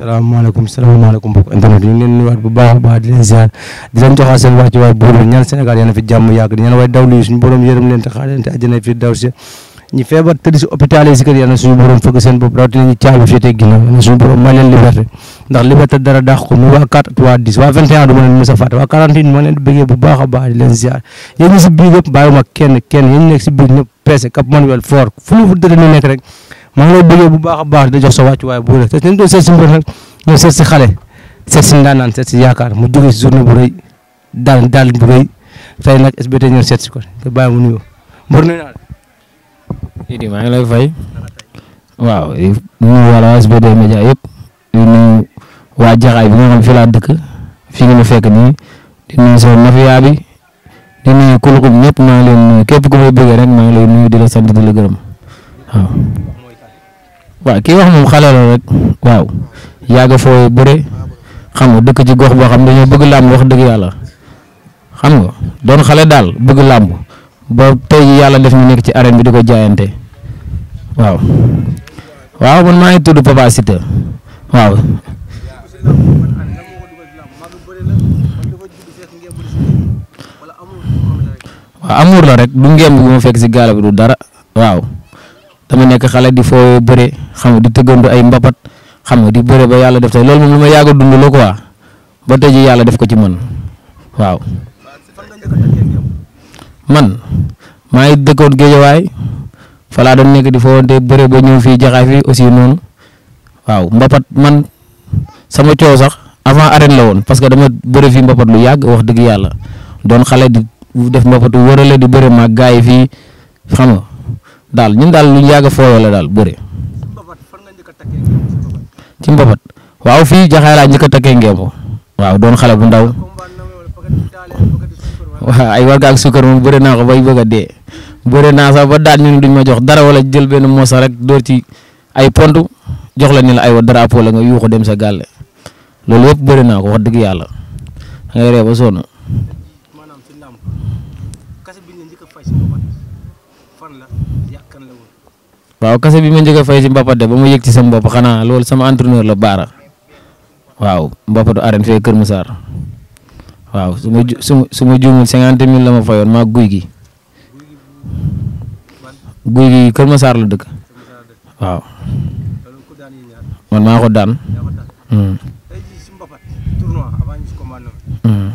salaamaaleykum salaamaaleykum mbokk internet ñu ngi leen nuyuwaat bu baax a baax di leen ziar di si ñi feebar ma leen mës a fàtte nekk si biir ñëpp peese cap manuel fort fu mu nekk rek maa ngi lay bu baax a baax di jox sa wàccuwaay bu rëy te ñu xale seet si mu jógee si journée daal daal bu nag SBT ñoo seet si ko te bàyyi mu maa ngi lay fay. waaw nuyu waa SBT Média yëpp nuyu waa Jaxaay bi nga xam laa dëkk fii nga ma fekk nii di nuyu sama mafia bi di ko kulukul ñëpp maa ngi leen nuyu képp ku la sant di la gërëm waaw kii wax moom xale la rek waaw yàgg fooy bëre xam nga dëkk ci gox boo xam dañoo bëgg làmb wax dëgg yàlla xam nga doon xale daal bëgg làmb ba tey yàlla def ñu nekk ci arène bi di ko jaayante waaw waaw man maa ngi tudd Papa Siteu waaw waaw la rek du ngéem bi ma fekk si gaal bi du dara waaw dama nekk xale di foo bëre xam nga di tëggandu ay mbapat xam nga di bëre ba yàlla def tey loolu moom ma yàgg a dund la quoi ba tey ji yàlla def ko ci man waaw. man maa ngi dëkkoon Géejawaay fa laa doon nekk di foowante bëre ba ñëw fii jaxaay aussi noonu waaw mbapat man sama coow sax avant arène la woon parce que dama bëre fii mbapat lu yàgg wax dëgg yàlla doon xale di def mbapatu wërale di bëre ma gaay fii xam nga daal ñun daal lu ñu yàgg la daal bëre ci mbapat waaw fii jaxaay laa njëkk a takkee ngemb waaw doon xale bu ndaw waaw ay warga ak sukkar moom bëre naa ko bay bëgg a dee bëre naa sax ba daan ñu duñ ma jox dara walla jël benn moosa rek door ci ay pont jox la ni la ay wa dara apoo la nga yuuxu dem sa gàlle loolu yëpp bëre naa ko wax dëgg yàlla da ngay ree waaw kase bi ma njëkk a fay ci mbapat de ba ma yëg ci sama bopp xanaa loolu sama entraîneur la baara waaw mbapatu arène fee Kër Massar waaw su ma su su ma juumul cinquante mille la ma fayoon maa guy gi guy gi Kër Massar la dëkk waaw man maa ko daan. Hmm. Hmm.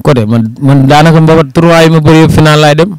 côté man man daanaka mbapat tournoi ma bëri yëpp final laay dem.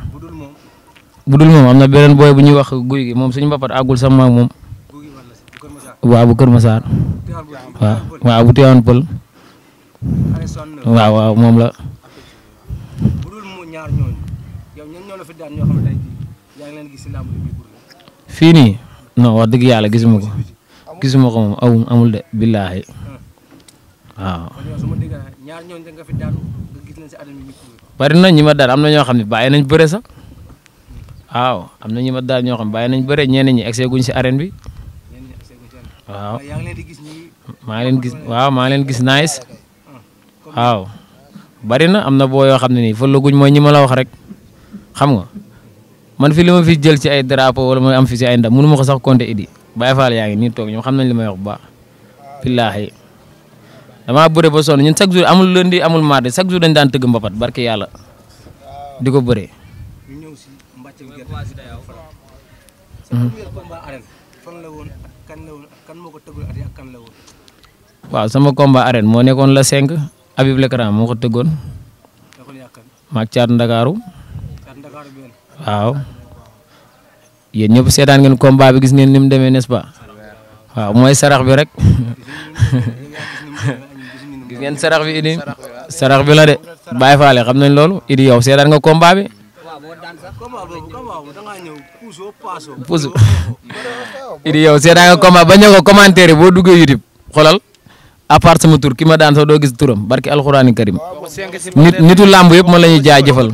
bu dul moom am na beneen booy bu ñuy wax guy gi moom suñu mbapat àggul sax maag moom waaw bu Kër Massar waaw waaw bu Tivaouane Pël waaw waaw moom fii nii non wax dëgg yàlla gisuma ko gisuma ko awum amul de billaahi bari na ñi ma daan am na ñoo xam ne nañ bëre aw am na ñu ma daal ñoo xam bàyyi nañ bëre ñenn ñi egsee guñ si arène bi waaw leen gis waaw maa leen gis nice waaw bari na am na boo yoo xam ne nii fële guñ mooy ñi ma la wax rek xam nga man fi li ma fi jël ci ay drapeau wala ma am fi si ay ndam mënu ma ko sax compter idi Baye Fall ngi nii toog ñoom xam nañ li may wax bu baax billaahi damaa bëre ba sonn ñun chaque jour amul lundi amul mardi chaque jour dañ daan tëgg mbapat barke yàlla di ko bëree Mhm. waaw sama combat arène moo nekkoon la 5 Habib Lecran moo ko tëggoon. maag caat Ndakaaru. waaw. yéen ñëpp seetaan ngeen combat bi gis ngeen ni mu demee n'est-ce pas. waaw mooy sarax bi rek. gis ngeen de bàyyi faale xam nañ loolu idi yow seetaan boo daan sax combat boobu combat boobu da yow seetaan nga ba ñëw ko commentaire boo duggee YouTube xoolal à part sama tur ki ma daan sax doo gis turam barki alxuraani karim nit nitu làmb yëpp man la ñuy jaajëfal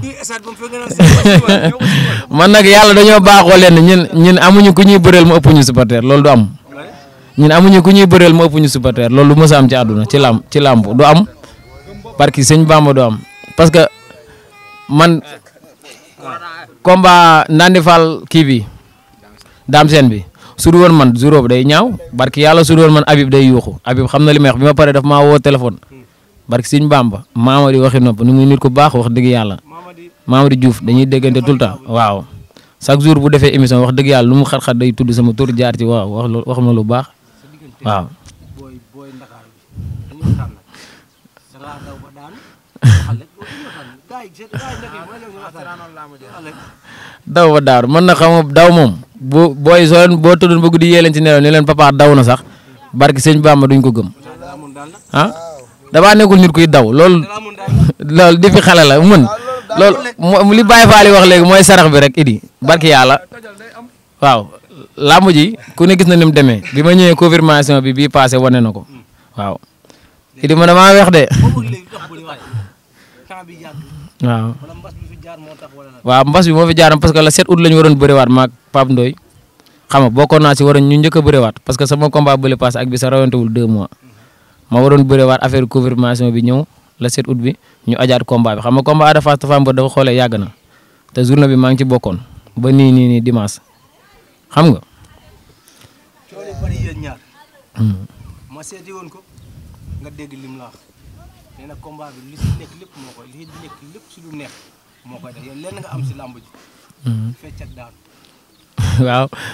man nag yàlla dañoo baaxoo leen ñun ñun amuñu ku ñuy bëreel ma ëpp ñu supporter loolu du am ñun amuñu ku ñuy bëreel ma ëpp ñu supporter loolu lu mës a ci àdduna ci làmb ci am barki man combat Ndandi Fall kii bi Dame Sène bi su woon man zéro bi day ñaaw barki yàlla su woon man Habib day yuuxu Habib xam na li may wax bi ma pare daf ma woo téléphone barki Sëñ Bamba Mamadi waxi nopp nu muy nit ku baax wax dëgg yàlla Mamadi Diouf dañuy déggante tul le waaw chaque jour bu defee émission wax dëgg yàlla lu mu xat-xat day tudd sama tur jaar ci waaw wax wax ma lu baax waaw. daw ba daaru man na xam daw moom bu booy soo leen boo tëddoon ba guddi yee leen ci nelaw ni leen papa daw na sax barki sëñ Bamba duñ ko gëm ah damaa nekkul ni kuy daw lool loolu di fi xale la mën ah, loolu li Baye Fall wax léegi mooy sarax bi rek idi barki yàlla waaw làmb ji ku ne gis na ni mu demee bi ma ñëwee confirmation bi bi passé wane na ko waaw idi ma damaa wax de waaw waaw mbas bi moo fi jaaram parce que la 7 août la ñu waroon bëriwaat maag Pape Ndoye xam nga bokkoon naa si waroon ñu njëkk a bëriwaat parce que sama combat bële paase ak bi sa rawantewul deux mois mhm. ma waroon bëriwaat affaire confirmation bi ñëw la 7 août bi ñu ajaat combat bi xam nga combat Ada Fass Tapha Mbeur dafa xoolee yàgg na te journée bi maa ngi ci bokkoon ba nii nii nii dimanche xam nga. Hmm. ma seeti woon ko nga dégg lim la wax nee na lo bi li si nekk lépp moo koy li si mhm.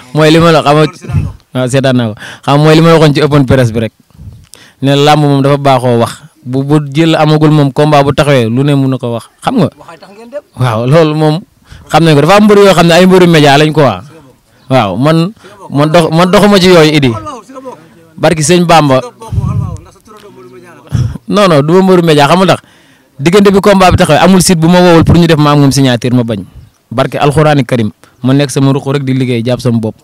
mooy li ma la xam waaw seetaan naa ko xam mooy li ma la ci open press bi rek ne làmb moom dafa baaxoo wax bu bu jël amagul moom combat bu taxawee lu ne mun na ko wax xam nga. waaw loolu moom xam na ko dafa am mbër yoo xam ne ay mbëru média lañ quoi waaw man man dox man idi barki sëñ Bamba. non non du ma mbëru média xam nga tax diggante bi combat bi taxawee amul site bu ma woowul pour ñu def ma am moom signature ma bañ barke alxuraani karim ma nekk sama ruq rek di liggéey jàpp sama bopp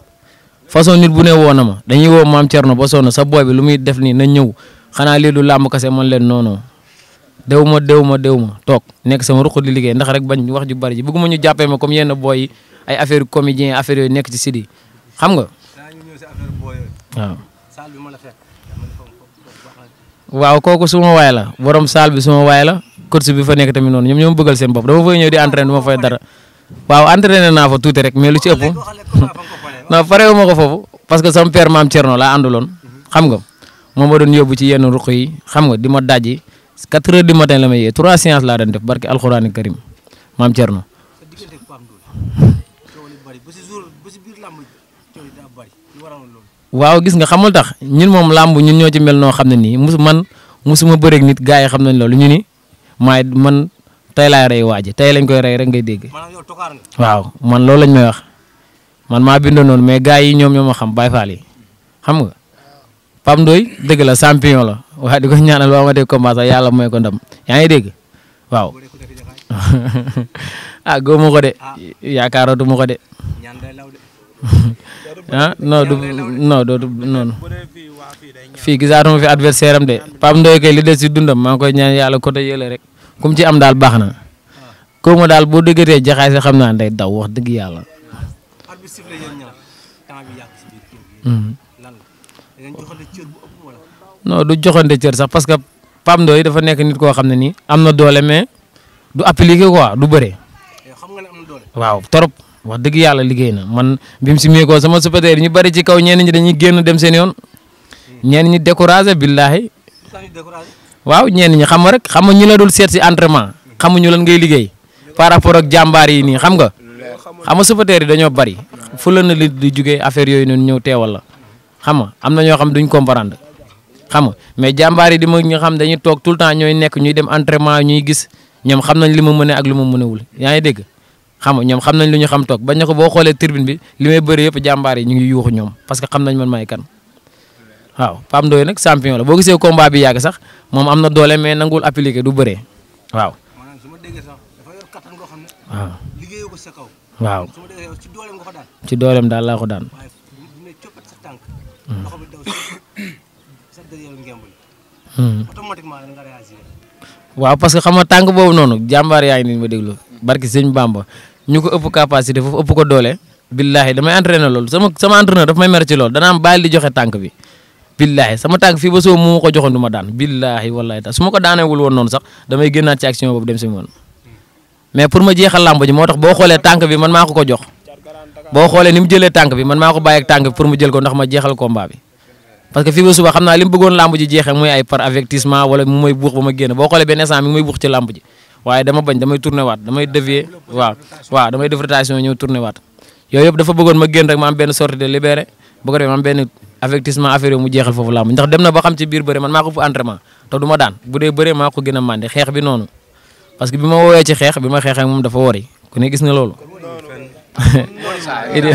façon nit bu ne woo na ma dañuy woo maam Thierno ba sonn sa booy bi lu muy na ñëw xanaa lii du làmb kase man leen non dew ma dew ma dew ma toog nekk sama ruq di liggéey ndax rek bañ wax ju bari ji bëgguma ñu jàppee ma comme yenn booy yi ay affaire comédien affaire yooyu nekk ci site yi xam nga. waaw. waaw kooku suma waay la borom saal bi suma waay la course bi fa nekk tamit noonu ñoom ñoo bëggal seen bopp dama fay ñëw di entraîné du ma fay dara waaw entraîné naa fa tuuti rek mais lu ci ëpp non parewu ma ko foofu parce que sama père maam Thierno laa ànduloon xam nga moom ma doon yóbbu ci yenn ruq yi xam nga di ma dajji 4 heures du la may yee trois séances laa daan def barke alxuraani karim maam Thierno. waaw gis nga xamul tax ñun moom làmb ñun ñoo ci mel noo xam ne nii musu man musuma bëreeg nit gars yi xam nañ loolu ñu ni maay man tey laay rey waaji tey lañ koy rey rek ngay dégg. waaw man loolu lañ may wax man maa bindoon noonu mais gars yi ñoom ñoo ma xam Baye Fall yi xam nga Pape Ndoye dëgg la champion la waaye di ko ñaanal waa ma dégg combat sax ko ndam yaa ngi dégg waaw. ah góob ma ko de ah. yaakaaratu ma ko de ah non du non fii gisaatuma fi adversaire am de Pape Ndoye kay li des si dundam maa ngi rek kum ci am daal baax na ah. ma daal boo dëggatee jaxaay sa xam naa day daw wax dëgg yàlla. Ah. Hmm. non du joxante cër sax parce que Pape Ndoye dafa nekk nit koo xam ne nii am na doole mais du appliquer quoi du bëre. waaw trop. wax dëgg yàlla liggéey na man bi mu si meekoo sama supporter yi ñu bari ci kaw ñenn ñi dañuy génn dem seen yoon ñenn ñi découragé billaahi waaw ñeen ñi xam nga rek xam nga ñu la dul seet si entraînement xamuñu lan liggéey par rapport ak jàmbaar yi nii xam nga xam nga supporter yi dañoo bari fu la na li di jugee affaire yooyu noonu ñëw teewal la xam nga am na ñoo xam duñ comprendre xam nga mais jàmbaar yi di ma nga xam dañuy toog tout le temps ñooy nekk ñuy dem entraînement ñuy gis ñoom xam nañ li ma mën ak li ma wul yaa ngi dégg xam nga ñoom xam nañ lu ñu xam toog bañ na ko boo xoolee tribune bi li may bëri yëpp jàmbaar yi ñu parce que xam nañ man may waaw Pape Ndoye nag champion la boo gisee combat bi yàgg sax moom am na doole mais nangul appliqué du bëree waaw. maanaam su ma déggee sax dafa yor kattan xam ne. waaw ko sa kaw. waaw su ma déggee yow ci dooleem daal laa ko daan. waaye bu ne coppat sa tànk. Hmm. loxo bi hmm. waaw parce que xam nga tànk boobu noonu jàmbaar yaa ngi nii ma déglu barki baam Bamba ñu ko ëpp capacité foofu ëpp ko doole. billahi damay entraîné loolu sama sama entraîneur may mer ci loolu dana am bàyyi joxe tànk bi. billahi sama tànk fii ba soo mu ma ko joxoon du ma daan billahi wallahi ta su ma ko daaneewul woon noonu sax damay génnaat ci action boobu dem si woon. mais pour ma jeexal làmb moo tax boo xoolee tànk bi man maa ko ko jox. boo xoolee ni mu jëlee tànk bi man maa ko bi ma jeexal combat bi. parce que fii ba suba xam naa li bëggoon làmb jeexee muy ay par avertissement wala mu may waaye dama bañ damay tourné waat damay dévier waaw waaw damay def rotation ñëw tourné waat yooyu yëpp dafa bëggoon ma génn rek ma am benn sortie de libéré bu ko defee ma am benn affectissement affaire mu jeexal foofu làmb ndax dem na ba xam ci biir bëri man maa ko fu entraînement te du ma daan bu dee bëree maa ko gën a màndi xeex bi noonu parce que bi ma woowee ci xeex bi ma xeexee moom dafa wori ku ne gis nga loolu idi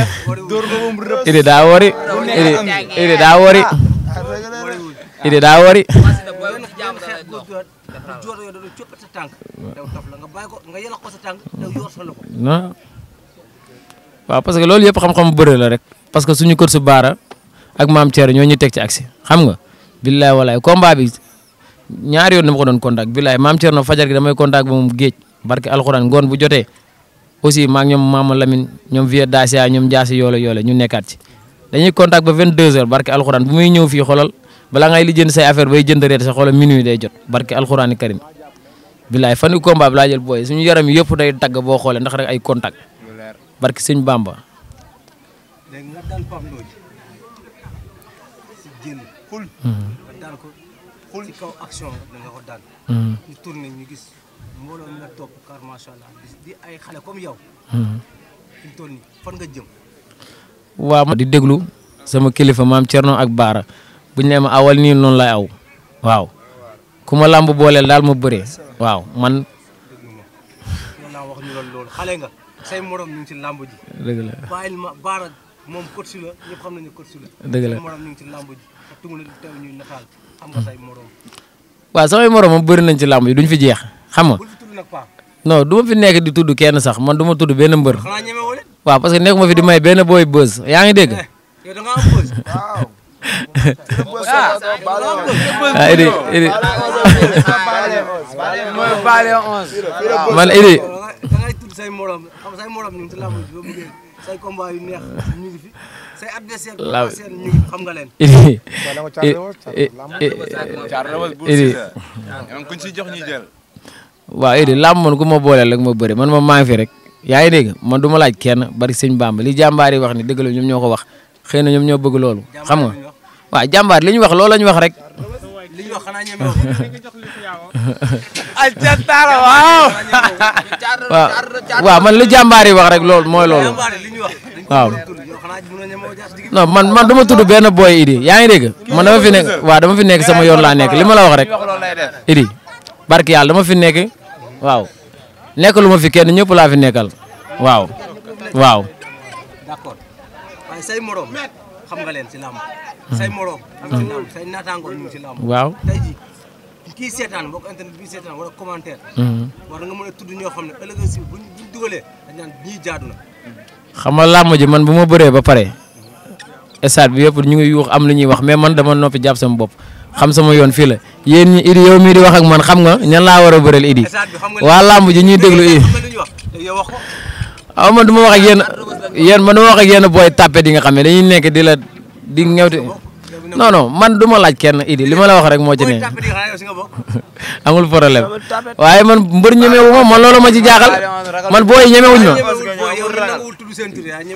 idi daa wori idi daa wori idi daa wori du joor yow da doon coppat sa tànk sa tànk daw yor sa loxo waaw parce que loolu yëpp xam-xam bëre la rek parce que suñu kër su baara ak maam Thierno ñoo ñu teg ci aksi xam nga billaay walaay combat bi ñaari yoon dama ko doon contact billaay maam na fajar gi damay contact ba moom géej barke alxuraan ngoon bu jotee aussi maa ngi ñoom Maama Lamine ñoom Vieux Dacia ñoom Jaasi yoole yoole ñu nekkaat ci dañuy contact ba 22h barke alxuraan bu muy ñëw fii xoolal balaa ngay lijjanti say affaire bay jënd reet sa xoola minuit day jot barke alxuraani karim bilaay fan yu combat bi laa jël yëpp ay contact barke sëñ Bamba. léegi mhm. mhm. di ay xale comme yow. Mhm. fi mu toll nii fan nga di déglu sama kilifa maam Thierno ak Baara. bu ne ma awal nii noonu lay aw waaw ku ma làmb booleel daal ma bëree waaw man. xale nga say morom ñu ci làmb ji. dëgg la bàyyil ma baara moom coach la ñëpp xam nañu coach la. dëgg la say ci làmb ji te tungu la teew morom. waaw samay nañ ci làmb ji duñ fi jeex xam nga. bul fi tudd nag Paa. fi nekk di tudd kenn sax man du ma tudd benn mbër. xanaa ñeme wala. parce que nekkuma fi di may benn booy buzz yaa ngi dégg. Eh, ah Idi Idi man Idi yu neex ñu ngi nga leen waaw Idi làmb man ku ma booleel rek ma bëri man ma maa fi rek yaa ngi dégg man du ma laaj kenn bari sëñ Bamba li jàmbaar yi wax ni dëgg la ñoom ñoo ko wax xëy na ñoom ñoo bëgg loolu xam nga waa jàmbaar li ñu wax loolu la ñu wax rek. li ñu wax xanaa ñeme wu. waaw. man lu jàmbaar yi wax rek loolu mooy loolu. man man du ma tudd benn booy Idi yaa ngi dégg man dama fi nekk waaw dama fi nekk sama yoon laa nekk li ma la wax Idi barki yàlla dama fi nekk waaw nekk lu ma fi kenn ñëpp laa fi nekkal xam nga leen ci làmb hmm. hmm. say naataango ñu si làmb waaw tey ji kii seetaan mbokk internet bii seetaan wala commentaire hmm. war nga mën a tudd ñoo xam ne ëllëg si buñ na xam nga man bu ma baree ba pare stade bi yëpp ñu ngi yuux am lu ñuy wax mais man dama noppi jàpp sama bopp xam sama yoon fii la yéen ñi idi yow mii di wax ak man xam nga ñan laa war a bëreel idi waa làmb ji ñuy déglu idi ah man du ma wax ak yenn yéen man du ma wax ak booy tapé di nga xam ne dañuy nekk di la di ñëwte non non man du ma laaj kenn Idi li ma la wax rek moo ci ne amul problème waaye man mbër ñemewu ma man loolu ma ci jaaxal man booy ñemewuñ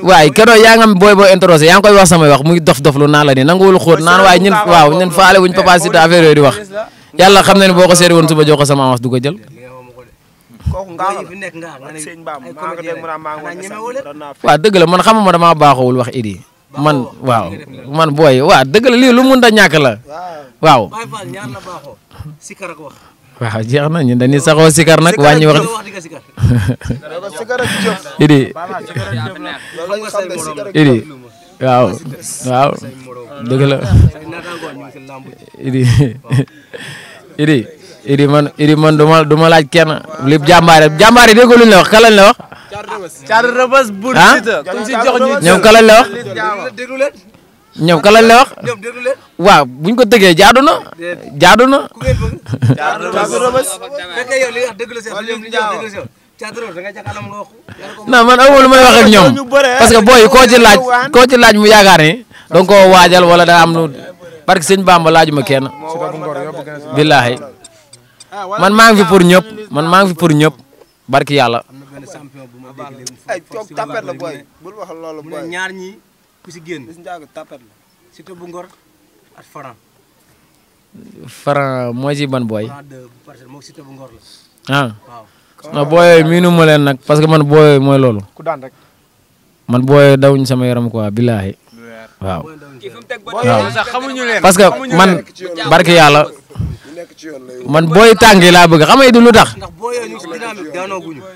ma waaye kenoo yaa nga booy boo introsé yaa ngi koy wax samay wax muy dof-dof lu naan la ni naan waaye ñun waaw ñun faale wuñ Papa Siteu affaire yooyu di wax yàlla xam na ne boo ko seet woon suba jox ko sama wax du ko jël kooku ngaaw fi nekk nga xam ne sëñ Bam maa nga dem maa nga waaw dëgg man xamuma damaa baaxawul wax idi man waaw man booy waaw dëgg la lii lu mun da ñàkk la waaw waaw jeex na ñun dañuy saxoo sikar nag wàññi wax idi idi waaw waaw dëgg idi idi idi man idi man du ma du ma laaj kenn lépp jàmbaare jàmbaare dégg luñ la wax ka lañ la wax. car rëbës bur ah? sita kuñ si jox ñu ñoom ka lañ la wax ñoom ka lañ la wax waaw buñ ko tëggee jaadu na jaadu na non man amul lu may wax ak ñoom parce que booy koo ci laaj koo ci laaj mu yaakaar ni danga koo waajal wala daa am lu parce que sëñ Bamba laajuma kenn billaahi man maa ngi fi pour ñëpp man maa ngi fi pour ñëpp barki yàlla. ay toog tapet la booy bul wax loolu booy ñaar ñi ku si génn tapet la Siteu bu Ngor ak Franc. Franc moo ban booy. ah non booy miinu ma leen nag parce que man booy mooy loolu. man booy dawuñ sama yaram quoi billaahi waaw. waaw parce que man barki yàlla. man booy tàng yi laa bëgg xam nga du lu tax.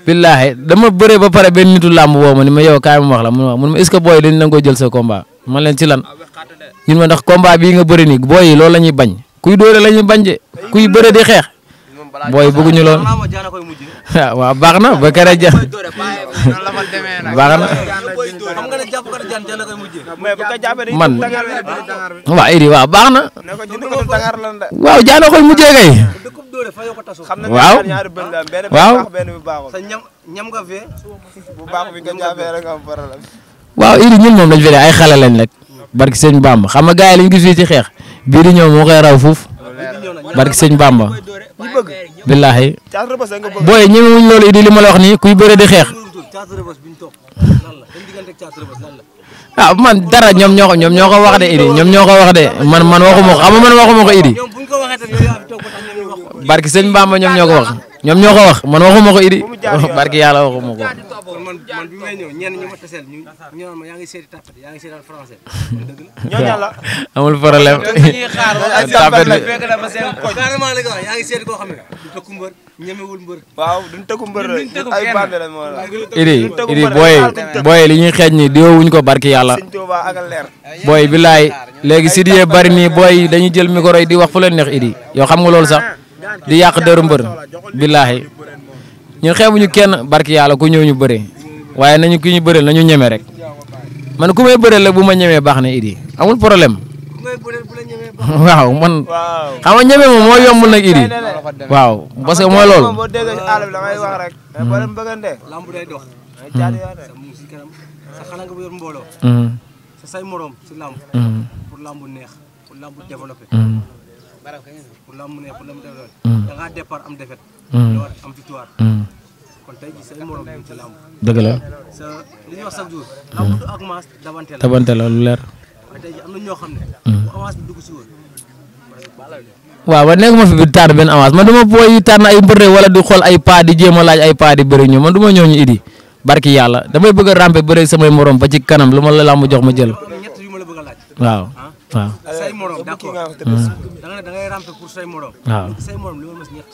billaahi dama bëre ba pare benn nitu làmb woo ma ni ma yow kaay ma wax la mun ma mun ma est ce la ko jël sa combat man leen ma ndax combat bii nga bëri nii booy yi loolu la ñuy bañ kuy dóore la ñuy bañ de kuy bëre di xeex booy bëgguñu loon ah waaw baax na ba keroog ja na. man waaw iri waaw baax na waaw jaanoo koy mujjee kay waaw waaw waaw iri ñun moom lañ fi ne ay xale lañ rek barki sëñ Bamba xam nga gars yi lañ gis fii ci xeex bii di ñëw moo koy raw fuuf barki sëñ Bamba billaahi booy ñemewuñ loolu idi li ma la wax nii kuy bëre di xeex ah man dara ñoom ñoo ko ñoom ñoo ko wax de Idi ñoom ñoo ko wax de man man waxuma ko xam man waxuma ko Idi barki sëñ Bamba ñoom ñoo ko wax. ñoom ñoo ko wax man waxuma ko Idi barki yàlla waxuma ko. man man bi may ñëw ñenn ñu ma taseel ñu ñu naan ma yaa ngi seeti tapet yaa ngi seeti français. ñooñu yàlla ba seen koñ. carrément li nga wax yaa ngi Idi Idi booy li ñuy xeeñ ni ko barki yàlla. booy bilaay si di bari nii booy dañuy jël micro yi di wax fu leen neex Idi yow xam nga loolu sax di yàq deru mbër billaahi ñun xeebuñu kenn barki yàlla ku ñëw ñu bëree waaye nañu ki ñu bëreel nañu ñeme rek man ku may bëreel la bu ma ñemee baax na Idi amul problème waaw man xam nga ñeme moom moo yombul nag Idi waaw parce que mooy loolu. sa mm-hmm. say morom ci lamb mm-hmm. pour lamb neex pour lamb développer mm-hmm. pour la mu ne la mu demee da ngaa départ am défaite. Mm. Mm. la. sa li ñuy wax chaque jour. Mm. làmb du ak maas dabante la dabante la lu leer. waaw ba nekkuma fi bi taar benn avance man duma booy tànn ay mbër wala di xool ay paa di jéem a laaj ay paa di bëri ñu du ma ñëw ñu idi barki yàlla damay bëgg a rampe bëri samay morom ba kanam lu ma la làmb jox ma jël waaw. Ah. waaw say morom d'accord hmm. da nga ne da ngay rampe pour say morom. waaw say morom li ma mës ñett.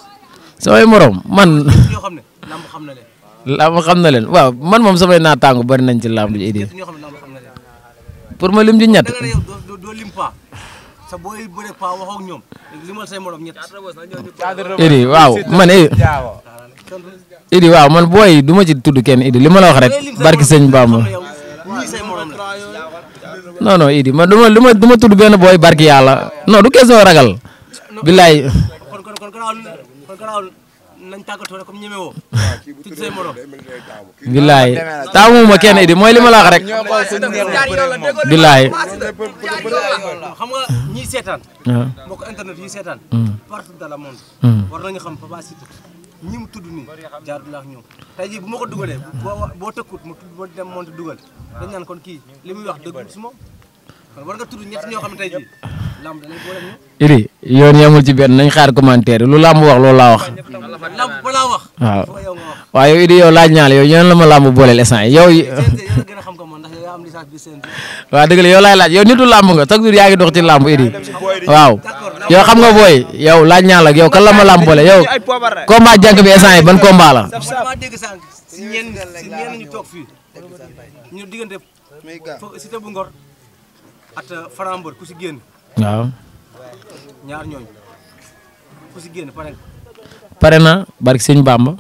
samay morom man. yoo xam ne làmb na leen. làmb xam na leen waaw man moom samay naataango bari nañ ci làmb ji. ñoo xam ne na leen. pour ma lim ci ñett. da nga ne yow doo doo lim paa. sa booy bëre paa waxoo ak ñoom limal say morom ñett. idi waaw man idi. idi waaw man du ci tudd kenn idi li ma la wax rek barki sëñ Bamba. non non Idi man du ma du ma du ma tudd benn booy barki yàlla non du question ragal. billaay. kon kon kon garaawul kon garaawul tàggatoo rek comme ñeme woo. tudd say morom. billaay taamu ma kenn Idi mooy li ma la wax rek. billaay. xam nga ñiy seetaan. Ah. mbokk internet yi seetaan. Hmm. partout ñi mu tudd nii jaar du laax ñoom tey jii bu ma ko dugalee boo boo tëkkut mu tudd ma dem monte dugal dañ naan kon kii li muy wax dëggul si moom kon war nga tudd ñett ne tey jii lamb dalay ci benn nañ xaar commentaire lu lamb wax loolu laa wax lamb balaa wax waaw waaw yow idi yow laaj naa la yow ñeen la ma lamb booleel instant yow waaw dëgg la yow laay laaj yow nitu làmb nga chaque jour yaa ngi dox ci làmb waaw yow xam nga booy yow laaj ñaan la yow kan la ma làmb boole yow combat jànk bi instant yi ban combat la. waaw. pare na barki sëñ Bamba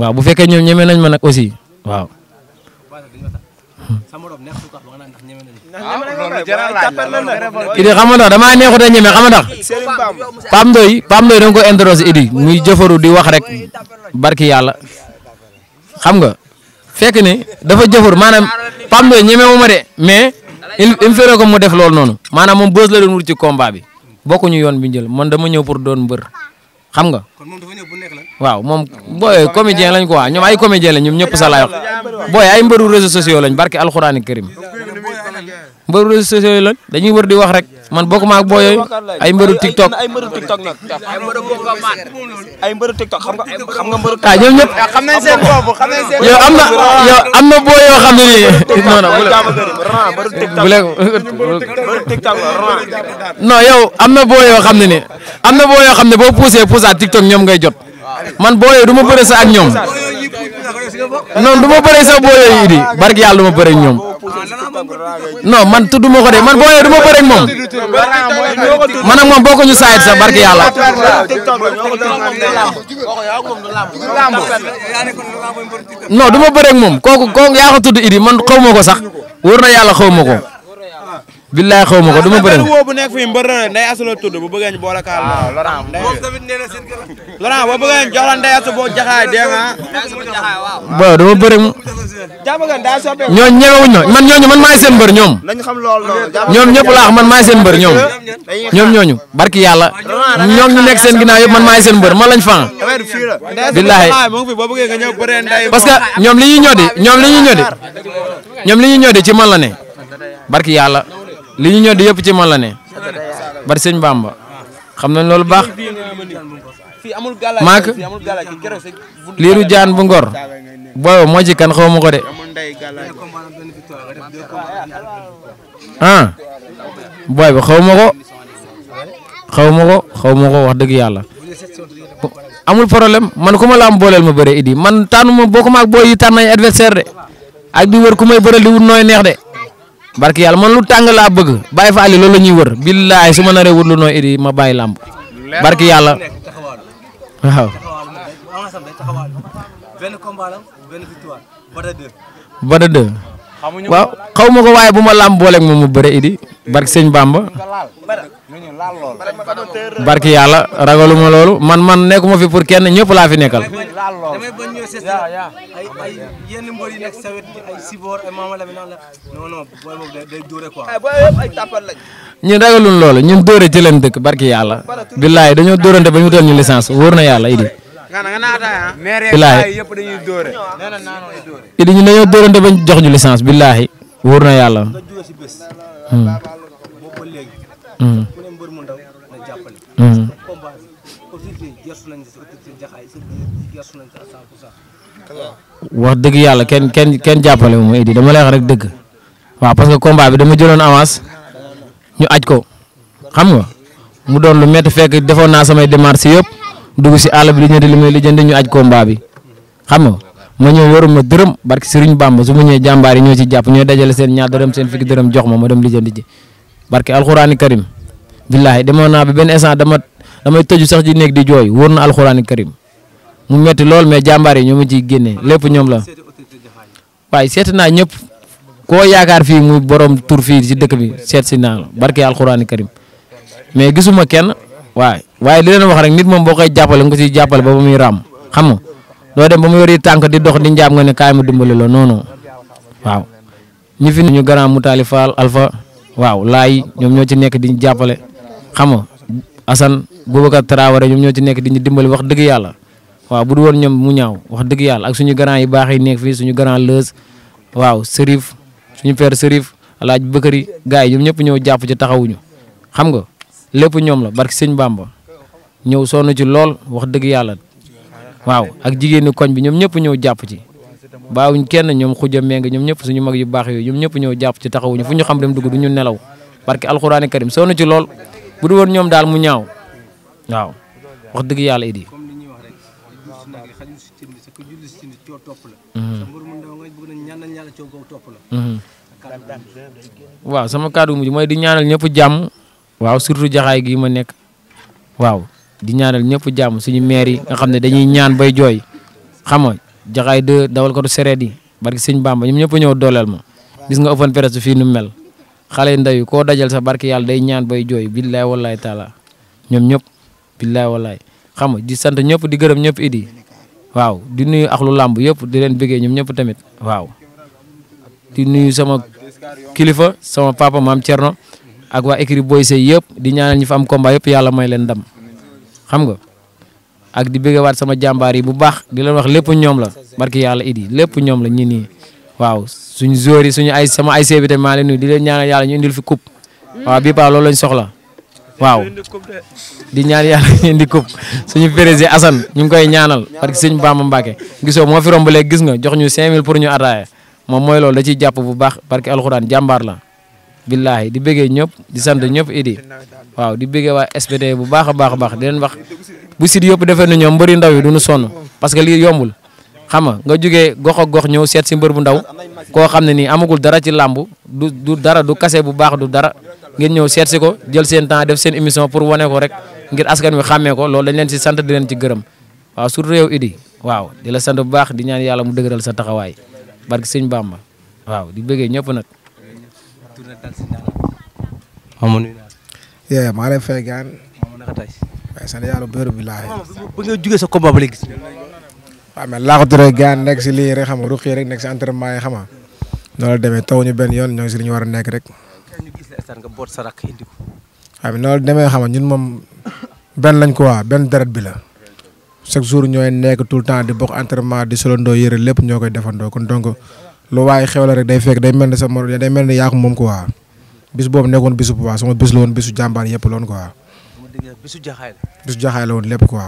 waaw bu fekkee ñoom ñeme nañ ma nag waaw. sama rob neexul ko wax na ndax ñeme na idi xam nga dama neexu te ñeme xam nga ndax Pape Ndoye Pape Ndoye da nga ko interroger di wax rek yàlla xam nga fekk ne dafa jëfaru maanaam Pape Ndoye ñeme de mais il ferait ko mu def loolu noonu maanaam moom bës la doon wut ci combat bi bokkuñu yoon bi njël man dama ñëw pour doon mbër xam nga. kon moom dafa ñëw bu nekk la. waaw moom booy comédien lañ quoi ñoom ay comédien lañ ñoom ñëpp sa laay wax booy ay mbëru réseaux sociaux lañ barke alxuraani karim mbëru réseaux sociaux yi lan dañuy wër di wax rek man bokkuma ak booy yooyu ay mbëru TikTok ay mbëru TikTok nag ay mbëru TikTok xam nga xam nga ah, ah, xam nañ seen bopp xam nañ seen yow am na am na booy yoo xam ne na booy yoo xam ne am na booy yoo xam ne boo poussé poussé TikTok ñoom ngay jot man booy yooyu du ma bëre sa ak ñoom non du ma bëre idi barki yàlla du ma bëre ñoom non man tudduma ko de man boo du ma bëre ak moom man ak moom bokku ñu saayit sax barki yàlla. non du ma bëre ak moom kooku ko tudd Idi man xaw ma ko sax wóor na yàlla xaw ko. billaay xaw ma ko du ma ah, bëri. waaw bu nekk fii mbër la Ndeye Assa la tudd bu bëggee ñu boole kaal. waaw ah, Laurent moom tamit nee na seen kër. Laurent boo bëggee ñu jox la Ndeye Assa boo jaxaay dégg nga. waaw du ma bëri man maa man maay seen mbër ñoom. ñoom ñëpp laa wax man maay barki yàlla. ñoom ñu nekk seen ginnaaw yëpp man maa seen mbër man lañ fang. billaay. parce que ñoom li ñuy ñoo di ñoom li ñuy ñoo ñoom li ñuy ñoo di ci man la ne barki yàlla li ñu ñëw di yëpp ci man la ne bari sëñ Bamba xam nañ loolu baax maak liiru jaan bu ngor booy kan xaw ma ko de ah booy bi xaw ma ko xaw ma ko xaw ma ko wax dëgg yàlla amul problème man ku ma la am booleel ma bëre idi man tànnu ma boo ko maag booy yi adversaire de ak di wër ku may bëre di wut neex de barki yàlla man lu tàng laa bëgg bàyyi fa àlli loolu la ñuy wër billaay su ma naree wut lu noo idi ma bàyyi làmb barki yàlla waaw. Bada deux waaw xaw ma ko waaye bu ma làmb booleeg moom mu bëre idi barki sëñ Bamba barki yàlla ragaluma loolu man man nekkuma fi pour kenn ñëpp laa fi nekkal. damay bañ ñëw si ay ay yenn mbër yi nekk sa wet la non non booy boobu day ah, ñun ragalun loolu ñun dóore ci dëkk barki yàlla. billaay dañoo dóorante ba ñu toll ñu licence wóor na yàlla idi. billaay idi ñu dañoo dóorante ba jox ñu licence billaay wóor na yàlla. combat wax dëgg yàlla kenn kenn kenn jàppale moom Idi dama lay wax rek dëgg waaw parce que combat dama jëloon avance ñu aj ko xam nga mu doon lu métti fekk defoon naa samay démarches yëpp dugg si àll bi li li may li jënd ñu aj combat bi xam nga ma ñëw waruma dërëm barki Serigne Bamba su ma ñëwee jàmbaar yi ñoo ci jàpp ñooy dajale seen ñaar dërëm seen fukki dërëm jox ma ma dem li jënd ji barki alxuraani karim billaahi demoon naa ba benn instant dama damay tëju sax di nekk di jooy wóor na alxuraani karim mu metti lool mais jàmbaar yi ñoo ma ciy génnee lépp ñoom la waaye seet naa ñëpp koo yaakaar fii mu borom tur fii si dëkk bi seet si naa la barke alxuraani karim mais gisuma kenn waaye waaye li leen wax rek nit moom boo koy jàppale nga ko siy jàppale ba ba muy raam xam nga doo dem ba mu yori tànk di dox di njaam nga ne kaay ma dimbali la non non waaw ñi fi ñu garaam mu taali faal alfa waaw laay ñoo di jàppale xam nga Assane Boubacar Traoré ñoom ñoo ci nekk di ñu dimbali wax dëgg yàlla waaw bu du woon ñoom mu ñaaw wax dëgg yàlla ak suñu grand yi baax yi nekk fii suñu grand lëës waaw Serif suñu père Serif alaaj Bëkkëri gars yi ñoom ñëpp ñëw jàpp ci taxawuñu xam nga lépp ñoom la barki sëñ Bamba ñëw sonn ci lool wax dëgg yàlla waaw ak jigéenu koñ bi ñoom ñëpp ñëw jàpp ci baawuñ kenn ñoom xuja meng ñoom ñëpp suñu mag yu baax yooyu ñoom ñëpp ñëw jàpp ci taxawuñu fu ñu xam dem dugg du ñu nelaw barki alxuraani karim sonn ci lool bu du woon ñoom daal mu ñaaw waaw wax dëgg yàlla idi mhm. mhm. waaw sama kàddu mujj mooy di ñaanal ñëpp jàmm waaw surtout jaxaay gi ma nekk waaw di ñaanal ñëpp jàmm suñu maire yi nga xam ne dañuy ñaan bay jooy xam nga jaxaay de dawal ko du yi barki sëñ Bamba ñoom ñëpp ñëw dooleel ma gis nga open presse fii nu mel xale ndayu koo dajal sa barke yàlla day ñaan boy jooy billaay wallaay taala ñoom ñëpp billaay wallaay xam di sant ñëpp di gërëm ñëpp idi waaw di nuyu ak lu làmb yëpp di leen bëggee ñoom ñëpp tamit waaw di nuyu sama kilifa sama papa maam Thierno ak waa écrit boy sey yëpp di ñaan ñi fa am combat yëpp yàlla may leen ndam xam nga ak di bëggewaat sama jàmbaar yi bu baax di leen wax lépp ñoom la barki yàlla idi lépp ñoom la ñi nii waaw suñu joueurs yi suñu ay sama ay bi maa leen nuyu di leen ñaanal yàlla ñu indil fi coupe waaw bii paa loolu lañ soxla waaw di ñaan yàlla ñu indi coupe suñu président Assane ñu ngi koy ñaanal parce que sëñ Bamba Mbacke gisoo moo fi gis nga jox ñu 5000 pour ñu ataaya moom mooy loolu da ciy jàpp bu baax parce que alxuraan jàmbaar la billahi di bëggee ñëpp di sant ñëpp idi waaw di bëggee waa SBT bu baax a baax a baax di leen bu sit yëpp defee na ñoom mbëri ndaw yi nu sonn parce que lii yombul xam nga nga jógee gox ak gox ñëw seet si mbër bu ndaw koo xam ne nii amagul dara ci làmb du du dara du kase bu baax du dara ngeen ñëw seet si ko jël seen temps def seen émission pour wane ko rek ngir askan wi xàmmee ko loolu dañ leen si sant di leen ci gërëm waaw surtout yow Idi waaw di la sant bu baax di ñaan yàlla mu dëgëral sa taxawaay barke sëñ Bamba waaw di bëggee ñëpp nag. yee maa ngi lay fay gaan. waaye sant yàlla bu wér bi laa. ba nga jógee sa combat ba léegi. waaw mais laaxatu rek gars nekk si lii rek xam nga ruqi rek nekk si entraînement yi xam noonu la demee taw ñu benn yoon ñoo si li ñu war a nekk rek. waaw mais noonu la demee xam nga ñun moom benn lañ ko waa benn deret bi la chaque jour ñooy nekk tout le temps di bokk entraînement di solandoo yëre lépp ñoo koy defandoo kon donc lu waaye xew la rek day fekk day mel ni sa mor day mel ni yaaku moom ko waa bis boobu nekkoon bisu bu baax sama bis la woon bisu jàmbaar yëpp la woon quoi. bisu jaxaay la. bisu jaxaay la woon lépp quoi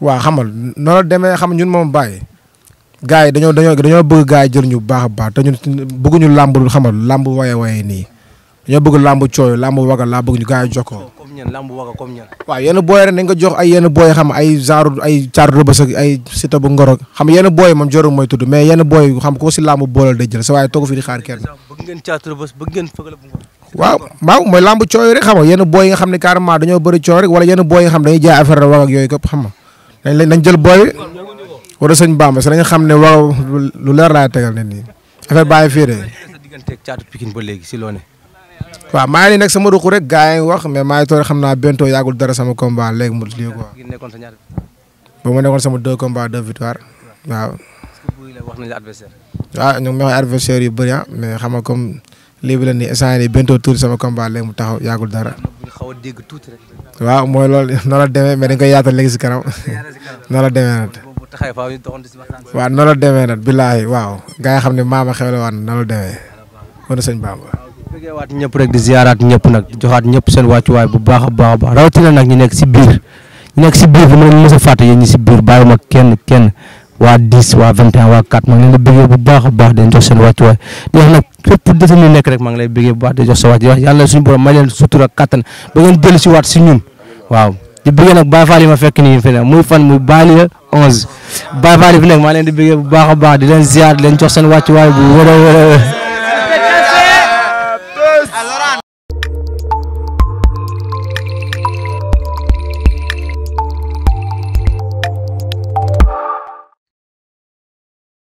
waaw xamal noonu la demee xam ñun moom bàyyi gars yi dañoo dañoo dañoo bëgg gars yi jël ñu baax a baax te ñun làmb xamal làmb waye waye nii dañoo bëgg làmb cooy làmb waga laa ñu gars yi jox ko. comme ñan làmb waga comme ñan. waaw yenn booy rek nañ ko jox ay yenn booy xam ay genre ay caar rëbës ak ay sita bu ngorog xam yenn booy moom joru mooy tudd mais yenn booy xam ko si làmb booleel day jël sa waaye toog xaar kenn. waaw mooy làmb cooy rek xam nga booy yi nga xam ne dañoo bëri cooy rek wala yenn booy xam dañuy jaay affaire waga ak yooyu képp dañ leen dañ jël booy wala sëñ Bamba si dañu xam ne waaw lu leer laa a tegal nit ñi affaire bàyyi fii de. waaw maa ngi nii nag sama ruq rek gars yi wax mais maa ngi toog xam naa bentoo yàggul dara sama combat léegi mu lii quoi. ba ma nekkoon sama deux combats deux victoire waaw. waaw ñu ngi may adversaire ah, yu bëri ah mais xam nga comme. lii bi la nii instant yii bientôt tuuti sama combat léegi mu taxaw yàggul dara. waaw mooy loolu noonu la demee mais dañ koy yaatal léegi si kanam noonu la demee nag. waaw noonu la demee nag billaahi waaw gars yi xam ne maama xewle waan noonu la demee mën na sëñ Bamba. waaw bu ñëpp rek di ziaraat ñëpp nag joxaat ñëpp seen wàccuwaay bu baax a baax a baax rawatina nag ñu nekk si biir ñu nekk si biir bu ma leen mës a ñi si biir bàyyi ma kenn kenn. waa 10 waa 21 waa 4 maa ngi leen di bëggee bu baax a baax dañ jox seen wàccuwaay di wax nag képp defe ñu nekk rek maa ngi lay bëggee bu baax di jox sa wàccuwaay yàlla suñu borom may sutura kattan ba ngeen dellu si waat si ñun waaw di bëggee nag Baye Fall ma fekk nii fi ne fan muy Balia 11 Baye Fall yi nekk maa leen di bëggee bu baax a baax di leen ziar di leen jox seen wàccuwaay bu wërëwërë